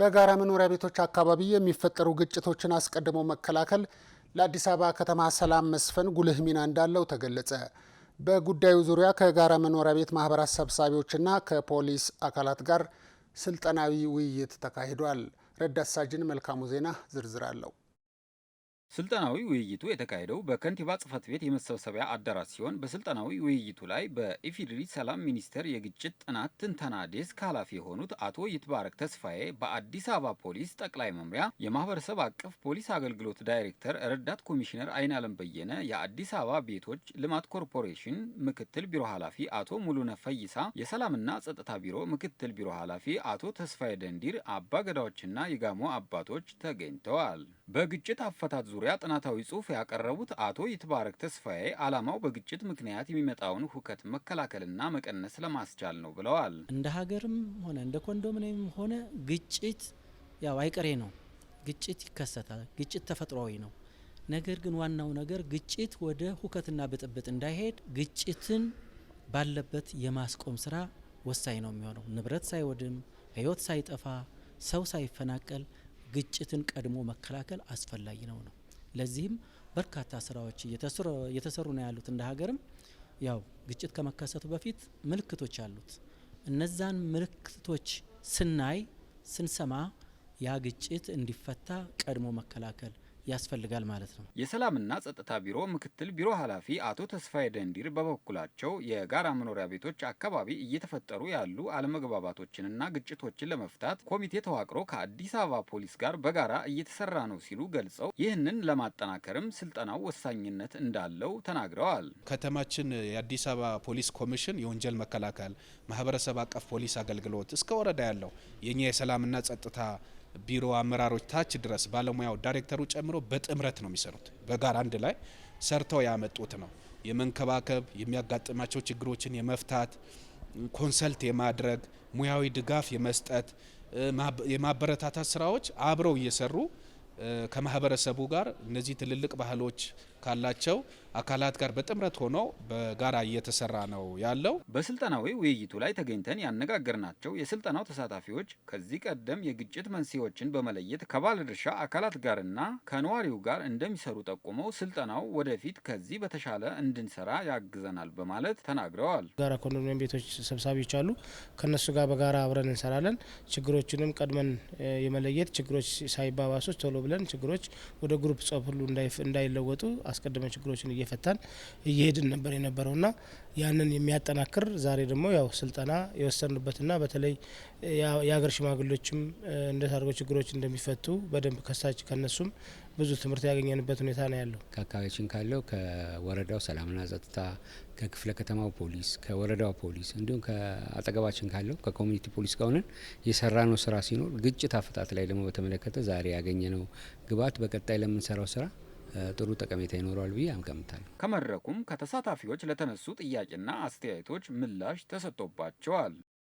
በጋራ መኖሪያ ቤቶች አካባቢ የሚፈጠሩ ግጭቶችን አስቀድሞ መከላከል ለአዲስ አበባ ከተማ ሰላም መስፈን ጉልህ ሚና እንዳለው ተገለጸ። በጉዳዩ ዙሪያ ከጋራ መኖሪያ ቤት ማህበራት ሰብሳቢዎችና ከፖሊስ አካላት ጋር ስልጠናዊ ውይይት ተካሂዷል። ረዳት ሳጅን መልካሙ ዜና ዝርዝር አለው። ስልጠናዊ ውይይቱ የተካሄደው በከንቲባ ጽህፈት ቤት የመሰብሰቢያ አዳራሽ ሲሆን በስልጠናዊ ውይይቱ ላይ በኢፌዴሪ ሰላም ሚኒስቴር የግጭት ጥናት ትንተና ዴስክ ኃላፊ የሆኑት አቶ ይትባረክ ተስፋዬ በአዲስ አበባ ፖሊስ ጠቅላይ መምሪያ የማህበረሰብ አቀፍ ፖሊስ አገልግሎት ዳይሬክተር ረዳት ኮሚሽነር አይናለም በየነ፣ የአዲስ አበባ ቤቶች ልማት ኮርፖሬሽን ምክትል ቢሮ ኃላፊ አቶ ሙሉነ ፈይሳ፣ የሰላምና ጸጥታ ቢሮ ምክትል ቢሮ ኃላፊ አቶ ተስፋዬ ደንዲር፣ አባ ገዳዎችና የጋሞ አባቶች ተገኝተዋል። በግጭት አፈታት ዙሪያ ዙሪያ ጥናታዊ ጽሑፍ ያቀረቡት አቶ ይትባረክ ተስፋዬ ዓላማው በግጭት ምክንያት የሚመጣውን ሁከት መከላከልና መቀነስ ለማስቻል ነው ብለዋል። እንደ ሀገርም ሆነ እንደ ኮንዶሚኒየም ሆነ ግጭት ያው አይቀሬ ነው። ግጭት ይከሰታል። ግጭት ተፈጥሯዊ ነው። ነገር ግን ዋናው ነገር ግጭት ወደ ሁከትና ብጥብጥ እንዳይሄድ ግጭትን ባለበት የማስቆም ስራ ወሳኝ ነው የሚሆነው። ንብረት ሳይወድም፣ ህይወት ሳይጠፋ፣ ሰው ሳይፈናቀል ግጭትን ቀድሞ መከላከል አስፈላጊ ነው ነው ለዚህም በርካታ ስራዎች እየተሰሩ ነው ያሉት። እንደ ሀገርም ያው ግጭት ከመከሰቱ በፊት ምልክቶች አሉት። እነዛን ምልክቶች ስናይ ስንሰማ ያ ግጭት እንዲፈታ ቀድሞ መከላከል ያስፈልጋል ማለት ነው። የሰላምና ጸጥታ ቢሮ ምክትል ቢሮ ኃላፊ አቶ ተስፋዬ ደንዲር በበኩላቸው የጋራ መኖሪያ ቤቶች አካባቢ እየተፈጠሩ ያሉ አለመግባባቶችንና ግጭቶችን ለመፍታት ኮሚቴ ተዋቅሮ ከአዲስ አበባ ፖሊስ ጋር በጋራ እየተሰራ ነው ሲሉ ገልጸው ይህንን ለማጠናከርም ስልጠናው ወሳኝነት እንዳለው ተናግረዋል። ከተማችን የአዲስ አበባ ፖሊስ ኮሚሽን የወንጀል መከላከል ማህበረሰብ አቀፍ ፖሊስ አገልግሎት እስከ ወረዳ ያለው የኛ የሰላምና ጸጥታ ቢሮ አመራሮች ታች ድረስ ባለሙያው ዳይሬክተሩ ጨምሮ በጥምረት ነው የሚሰሩት። በጋራ አንድ ላይ ሰርተው ያመጡት ነው። የመንከባከብ የሚያጋጥማቸው ችግሮችን የመፍታት ኮንሰልት የማድረግ ሙያዊ ድጋፍ የመስጠት የማበረታታት ስራዎች አብረው እየሰሩ ከማህበረሰቡ ጋር እነዚህ ትልልቅ ባህሎች ካላቸው አካላት ጋር በጥምረት ሆኖ በጋራ እየተሰራ ነው ያለው። በስልጠናዊ ውይይቱ ላይ ተገኝተን ያነጋገርናቸው የስልጠናው ተሳታፊዎች ከዚህ ቀደም የግጭት መንስኤዎችን በመለየት ከባለድርሻ አካላት ጋርና ከነዋሪው ጋር እንደሚሰሩ ጠቁመው ስልጠናው ወደፊት ከዚህ በተሻለ እንድንሰራ ያግዘናል በማለት ተናግረዋል። ጋራ ኮንዶሚኒየም ቤቶች ሰብሳቢዎች አሉ። ከነሱ ጋር በጋራ አብረን እንሰራለን። ችግሮችንም ቀድመን የመለየት ችግሮች ሳይባባሶች ቶሎ ብለን ችግሮች ወደ ግሩፕ ጸብ ሁሉ እንዳይለወጡ አስቀድመ ችግሮችን እየፈታን እየሄድን ነበር የነበረው ና ያንን የሚያጠናክር ዛሬ ደግሞ ያው ስልጠና ና በተለይ የሀገር ሽማግሌዎችም እንዴት አድርገው ችግሮች እንደሚፈቱ በደንብ ከሳች ከነሱም ብዙ ትምህርት ያገኘንበት ሁኔታ ነው ያለው። ከአካባቢያችን ካለው ከወረዳው ሰላምና ጸጥታ፣ ከክፍለ ከተማው ፖሊስ፣ ከወረዳው ፖሊስ እንዲሁም ከአጠገባችን ካለው ከኮሚኒቲ ፖሊስ ጋር ሆነን የሰራነው ስራ ሲኖር ግጭት አፈታት ላይ ደግሞ በተመለከተ ዛሬ ያገኘነው ግብዓት በቀጣይ ለምንሰራው ስራ ጥሩ ጠቀሜታ ይኖረዋል ብዬ አምገምታለሁ። ከመድረኩም ከተሳታፊዎች ለተነሱ ጥያቄና አስተያየቶች ምላሽ ተሰጥቶባቸዋል።